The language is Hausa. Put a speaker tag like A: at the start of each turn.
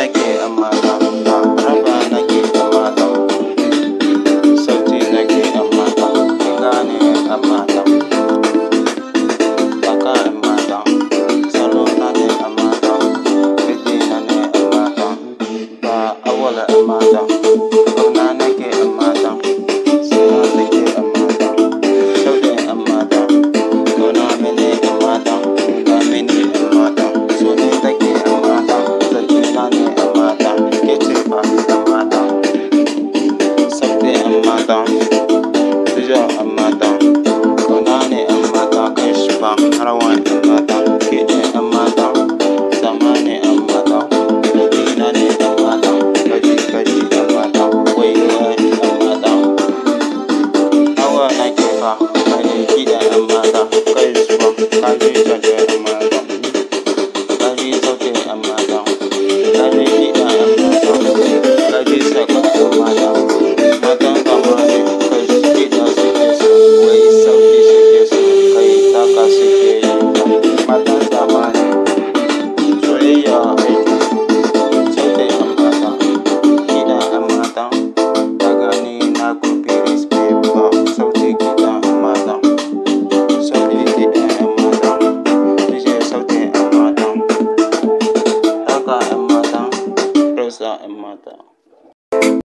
A: nake amma ba raba nake da mata sauti nake amma ba gane amma ba baka amma ba salo na ba mata Soja a mata Kauna ne a mata kan shi ba har wani mata Kiɗe a mata Sama ne a mata Madina ne a mata Kaji kaji a mata Wai wani a mata Nawa na ke fa Mai kiɗa a mata Kai shi ba Martha and Martha.